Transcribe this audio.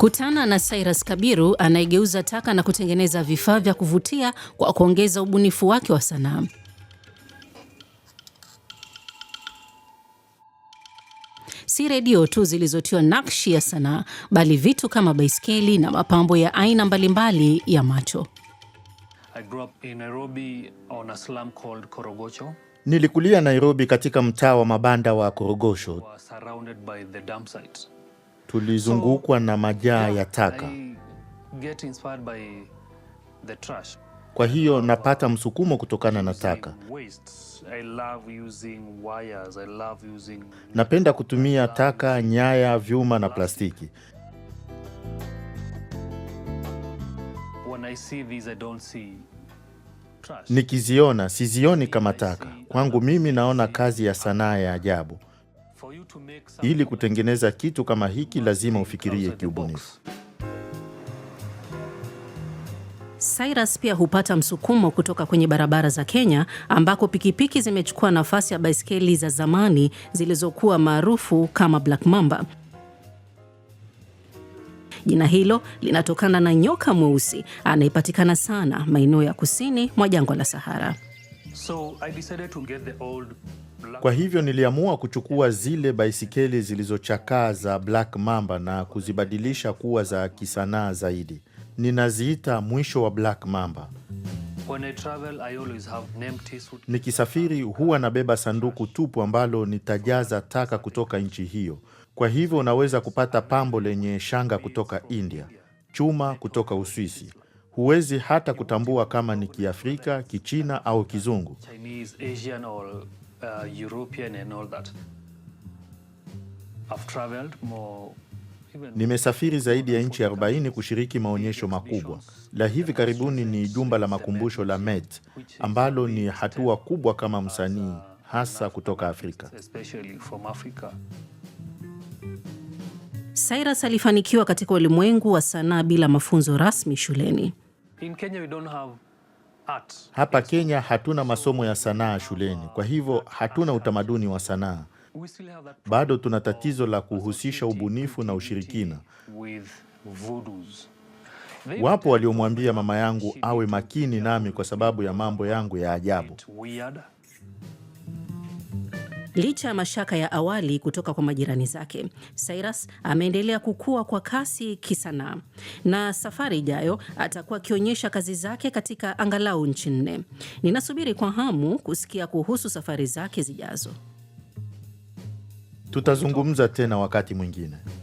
Kutana na Cyrus Kabiru anayegeuza taka na kutengeneza vifaa vya kuvutia kwa kuongeza ubunifu wake wa sanaa. Si redio tu zilizotiwa nakshi ya sanaa, bali vitu kama baiskeli na mapambo ya aina mbalimbali ya macho. Nilikulia Nairobi katika mtaa wa mabanda wa Korogosho tulizungukwa na majaa ya taka. Kwa hiyo napata msukumo kutokana na taka. Napenda kutumia taka, nyaya, vyuma na plastiki. Nikiziona sizioni kama taka. Kwangu mimi, naona kazi ya sanaa ya ajabu. Ili kutengeneza kitu kama hiki, lazima ufikirie kiubunifu. Cyrus pia hupata msukumo kutoka kwenye barabara za Kenya ambako pikipiki zimechukua nafasi ya baiskeli za zamani zilizokuwa maarufu kama Black Mamba. Jina hilo linatokana na nyoka mweusi anayepatikana sana maeneo ya kusini mwa jangwa la Sahara. So I decided to get the old kwa hivyo niliamua kuchukua zile baisikeli zilizochakaa za Black Mamba na kuzibadilisha kuwa za kisanaa zaidi. Ninaziita mwisho wa Black Mamba. Nikisafiri huwa nabeba sanduku tupu ambalo nitajaza taka kutoka nchi hiyo. Kwa hivyo unaweza kupata pambo lenye shanga kutoka India, chuma kutoka Uswisi. Huwezi hata kutambua kama ni Kiafrika, Kichina au Kizungu uh, European and all that. I've traveled more Nimesafiri zaidi ya nchi 40 kushiriki maonyesho makubwa. La hivi karibuni ni jumba la makumbusho la Met ambalo ni hatua kubwa kama msanii hasa kutoka Afrika. Cyrus alifanikiwa katika ulimwengu wa sanaa bila mafunzo rasmi shuleni. In Kenya we don't have hapa Kenya hatuna masomo ya sanaa shuleni, kwa hivyo hatuna utamaduni wa sanaa. Bado tuna tatizo la kuhusisha ubunifu na ushirikina. Wapo waliomwambia mama yangu awe makini nami kwa sababu ya mambo yangu ya ajabu. Licha ya mashaka ya awali kutoka kwa majirani zake, Cyrus ameendelea kukua kwa kasi kisanaa na safari ijayo atakuwa akionyesha kazi zake katika angalau nchi nne. Ninasubiri kwa hamu kusikia kuhusu safari zake zijazo. Tutazungumza tena wakati mwingine.